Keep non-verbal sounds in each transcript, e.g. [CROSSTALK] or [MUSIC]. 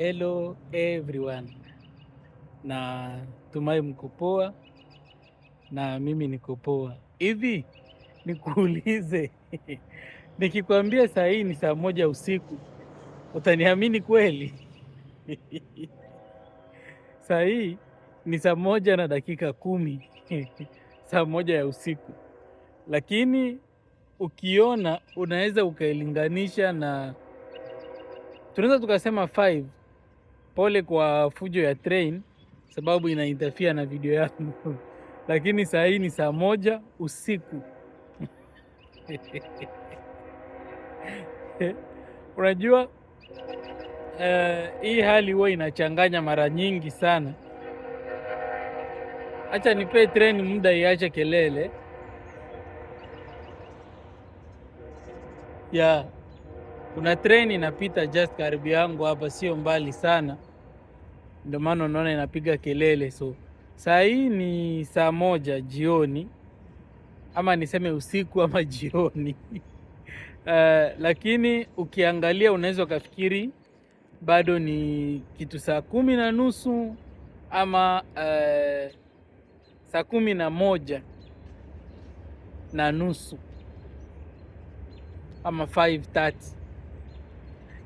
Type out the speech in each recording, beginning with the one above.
Hello everyone, na tumai mkupoa na mimi nikupoa. Hivi nikuulize, [LAUGHS] nikikwambia saa hii ni saa moja usiku utaniamini kweli? [LAUGHS] saa hii ni saa moja na dakika kumi [LAUGHS] saa moja ya usiku, lakini ukiona unaweza ukailinganisha na tunaweza tukasema five Pole kwa fujo ya train sababu ina interfere na video yangu [LAUGHS] lakini saa hii ni saa moja usiku. [LAUGHS] Unajua uh, hii hali huwa inachanganya mara nyingi sana. Acha nipee train muda iache kelele ya yeah. Kuna train inapita just karibu yangu hapa, sio mbali sana ndio maana unaona inapiga kelele. So saa hii ni saa moja jioni ama niseme usiku ama [LAUGHS] jioni uh, [LAUGHS] lakini ukiangalia unaweza ukafikiri bado ni kitu saa kumi na nusu ama uh, saa kumi na moja na nusu ama 5:30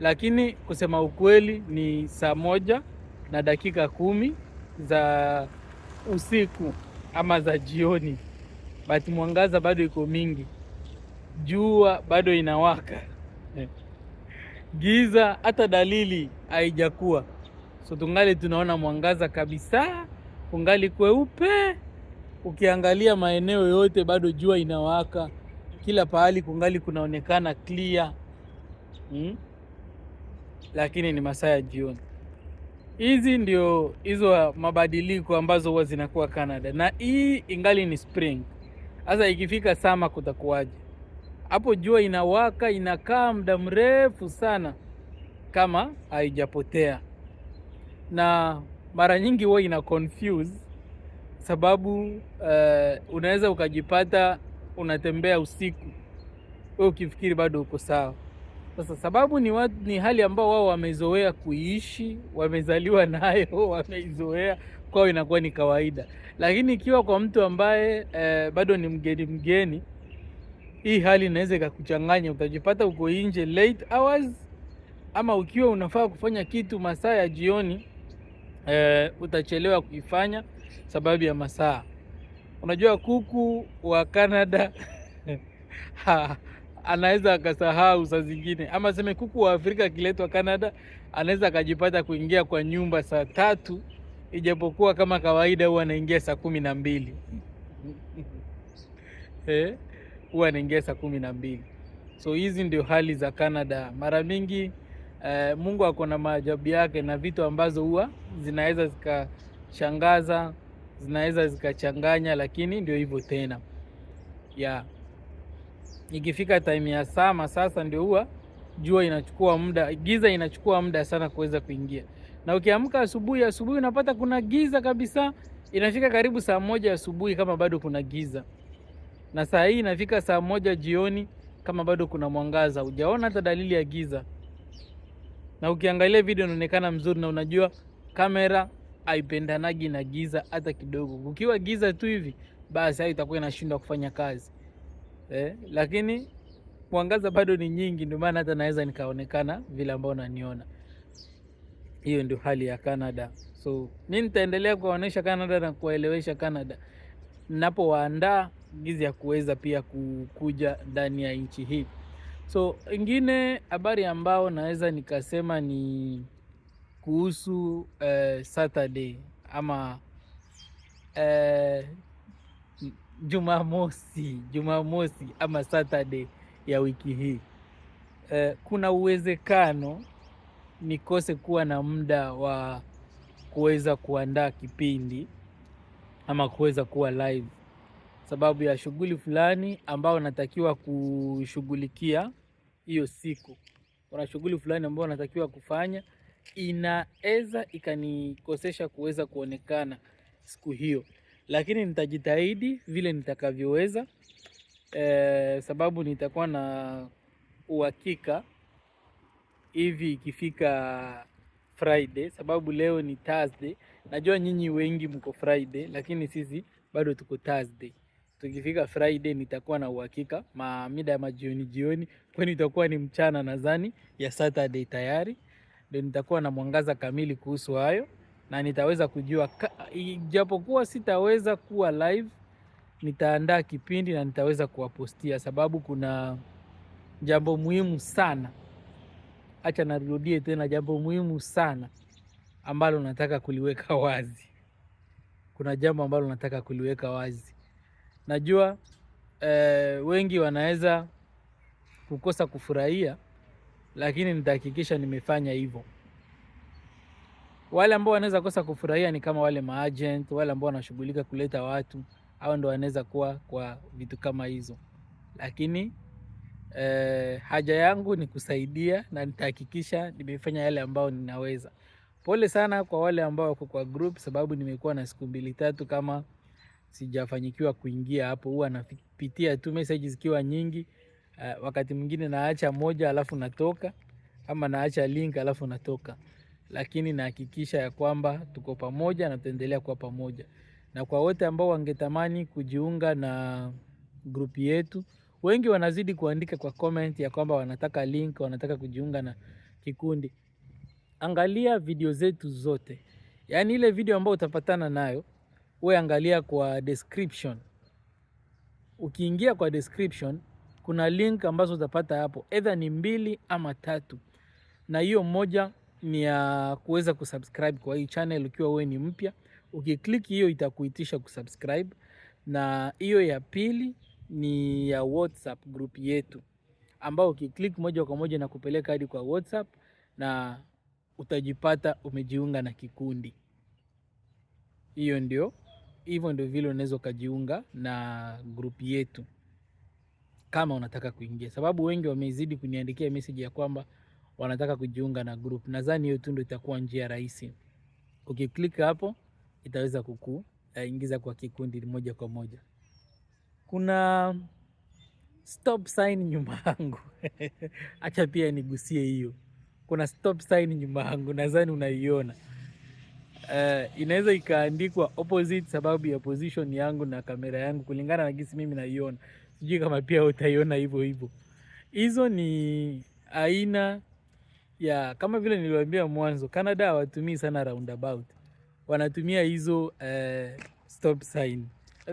lakini kusema ukweli ni saa moja na dakika kumi za usiku ama za jioni, but mwangaza bado iko mingi, jua bado inawaka Giza hata dalili haijakuwa, so tungali tunaona mwangaza kabisa, kungali kweupe. Ukiangalia maeneo yote bado jua inawaka, kila pahali kungali kunaonekana clear hmm? Lakini ni masaa ya jioni. Hizi ndio hizo mabadiliko ambazo huwa zinakuwa Canada, na hii ingali ni spring. Sasa ikifika sama kutakuwaje? Hapo jua inawaka inakaa muda mrefu sana kama haijapotea, na mara nyingi huwa ina confuse sababu uh, unaweza ukajipata unatembea usiku wewe ukifikiri bado uko sawa sasa sababu ni, wa, ni hali ambao wao wamezoea kuishi, wamezaliwa [LAUGHS] nayo, wameizoea kwao, inakuwa ni kawaida. Lakini ikiwa kwa mtu ambaye eh, bado ni mgeni mgeni, hii hali inaweza ikakuchanganya. Utajipata uko nje late hours, ama ukiwa unafaa kufanya kitu masaa ya jioni eh, utachelewa kuifanya sababu ya masaa. Unajua kuku wa Canada [LAUGHS] anaweza akasahau saa zingine, ama seme kuku wa Afrika akiletwa Canada anaweza akajipata kuingia kwa nyumba saa tatu, ijapokuwa kama kawaida huwa anaingia saa kumi na mbili [LAUGHS] eh, huwa anaingia saa kumi na mbili. So hizi ndio hali za Canada mara mingi. Eh, Mungu ako na maajabu yake na vitu ambazo huwa zinaweza zikashangaza, zinaweza zikachanganya, lakini ndio hivyo tena ya yeah ikifika time ya sama sasa ndio huwa jua inachukua muda, giza inachukua muda sana kuweza kuingia. Na ukiamka asubuhi asubuhi unapata kuna giza kabisa, inafika karibu saa moja asubuhi kama bado kuna giza, na saa hii inafika saa moja jioni kama bado kuna mwangaza, hujaona hata dalili ya giza. Na ukiangalia video inaonekana mzuri, na unajua kamera haipendanagi na giza hata kidogo. Ukiwa giza tu hivi, basi hayo itakuwa inashindwa kufanya kazi eh, lakini mwangaza bado ni nyingi, ndio maana hata naweza nikaonekana vile ambao naniona Hiyo ndio hali ya Canada. So mi nitaendelea kuwaonyesha Canada na kuwaelewesha Canada napowaandaa ngizi ya kuweza pia kukuja ndani ya nchi hii. So ingine habari ambao naweza nikasema ni kuhusu eh, Saturday ama eh, Jumamosi, Jumamosi ama Saturday ya wiki hii eh, kuna uwezekano nikose kuwa na muda wa kuweza kuandaa kipindi ama kuweza kuwa live sababu ya shughuli fulani ambao natakiwa kushughulikia hiyo siku. Kuna shughuli fulani ambayo natakiwa kufanya, inaweza ikanikosesha kuweza kuonekana siku hiyo lakini nitajitahidi vile nitakavyoweza, e, sababu nitakuwa na uhakika hivi ikifika Friday, sababu leo ni Thursday. Najua nyinyi wengi mko Friday, lakini sisi bado tuko Thursday. Tukifika Friday nitakuwa na uhakika ma mida ya majioni jioni, kwani itakuwa ni mchana nadhani ya Saturday tayari, ndio nitakuwa na mwangaza kamili kuhusu hayo na nitaweza kujua, ijapokuwa sitaweza kuwa live, nitaandaa kipindi na nitaweza kuwapostia, sababu kuna jambo muhimu sana. Acha narudie tena, jambo muhimu sana ambalo nataka kuliweka wazi. Kuna jambo ambalo nataka kuliweka wazi. Najua eh, wengi wanaweza kukosa kufurahia, lakini nitahakikisha nimefanya hivyo. Wale ambao wanaweza kosa kufurahia ni kama wale maagent, wale ambao wanashughulika kuleta watu, hao ndo wanaweza kuwa kwa vitu kama hizo, lakini eh, haja yangu ni kusaidia na nitahakikisha nimefanya yale ambao ninaweza. Pole sana kwa wale ambao wako kwa group, sababu nimekuwa na siku mbili tatu kama sijafanyikiwa kuingia hapo. Huwa napitia tu message zikiwa nyingi. eh, wakati mwingine naacha moja alafu natoka, ama naacha link alafu natoka lakini nahakikisha ya kwamba tuko pamoja na tutaendelea kuwa pamoja. Na kwa wote ambao wangetamani kujiunga na grupi yetu, wengi wanazidi kuandika kwa comment ya kwamba wanataka link, wanataka kujiunga na kikundi. Angalia video zetu zote, yaani ile video ambayo utapatana nayo we angalia kwa description. Ukiingia kwa description, kuna link ambazo utapata hapo, either ni mbili ama tatu, na hiyo moja ni ya kuweza kusubscribe kwa hii channel ukiwa wewe ni mpya. Ukiklik hiyo itakuitisha kusubscribe, na hiyo ya pili ni ya WhatsApp group yetu, ambao ukiklik moja kwa moja na kupeleka hadi kwa WhatsApp na utajipata umejiunga na kikundi. Hiyo ndio hivyo ndio vile unaweza ukajiunga na group yetu kama unataka kuingia, sababu wengi wamezidi kuniandikia message ya kwamba wanataka kujiunga na group. Nadhani hiyo tu ndio itakuwa njia rahisi. Ukiklik hapo itaweza kukuingiza eh, kwa kikundi moja kwa moja. Kuna stop sign nyuma yangu [LAUGHS] acha pia nigusie hiyo. Kuna stop sign nyuma yangu, nadhani unaiona. Uh, inaweza ikaandikwa opposite sababu ya position yangu na kamera yangu kulingana na gisi mimi naiona. Sijui kama pia utaiona hivyo hivyo. Hizo ni aina yeah, kama vile niliwaambia mwanzo, Canada hawatumii sana roundabout, wanatumia hizo uh, stop sign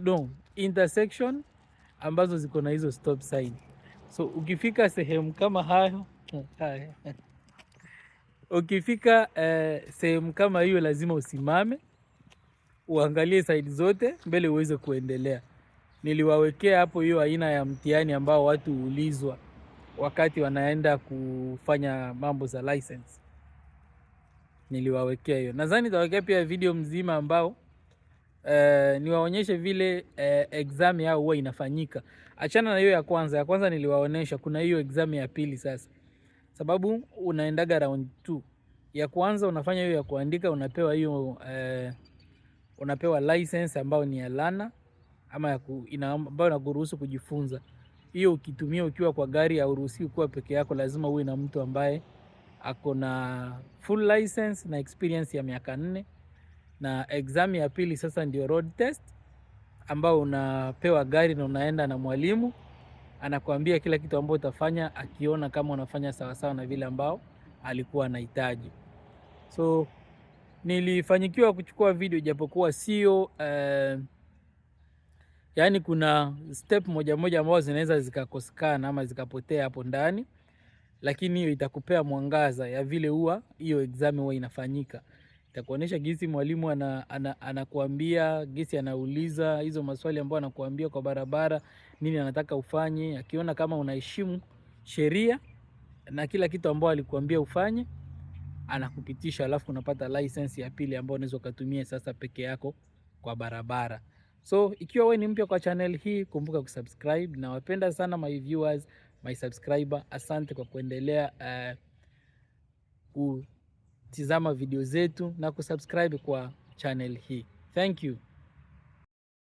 no, intersection ambazo ziko na hizo stop sign. So ukifika sehemu kama hayo [LAUGHS] ukifika uh, sehemu kama hiyo lazima usimame uangalie side zote mbele uweze kuendelea. Niliwawekea hapo hiyo aina ya mtihani ambao watu huulizwa wakati wanaenda kufanya mambo za license, niliwawekea hiyo. Nadhani nitawekea pia video mzima ambao e, niwaonyeshe vile e, exam yao huwa inafanyika. Achana na hiyo ya kwanza, ya kwanza niliwaonyesha. Kuna hiyo exam ya pili sasa, sababu unaendaga round 2 ya kwanza unafanya hiyo ya kuandika, unapewa hiyo eh, unapewa license ambayo ni ya lana ama ya ku, ina, ambayo inakuruhusu kujifunza hiyo ukitumia ukiwa kwa gari, hauruhusiwi kuwa peke yako, lazima uwe na mtu ambaye ako na full license na experience ya miaka nne. Na exam ya pili sasa ndio road test, ambao unapewa gari na unaenda na mwalimu anakuambia kila kitu ambao utafanya, akiona kama unafanya sawasawa na vile ambao alikuwa anahitaji. So nilifanyikiwa kuchukua video japokuwa sio eh, yaani kuna step moja moja ambazo zinaweza zikakosekana ama zikapotea hapo ndani, lakini hiyo itakupea mwangaza ya vile huwa hiyo exam huwa inafanyika, Itakuonesha gisi mwalimu anakuambia ana, ana gisi anauliza hizo maswali ambayo anakuambia kwa barabara, nini anataka ufanye, akiona kama unaheshimu sheria na kila kitu ambao alikuambia ufanye anakupitisha, alafu unapata license ya pili ambayo unaweza ukatumia sasa peke yako kwa barabara. So ikiwa wewe ni mpya kwa channel hii, kumbuka kusubscribe. Nawapenda sana my viewers, my subscriber. Asante kwa kuendelea uh, kutizama video zetu na kusubscribe kwa channel hii. Thank you.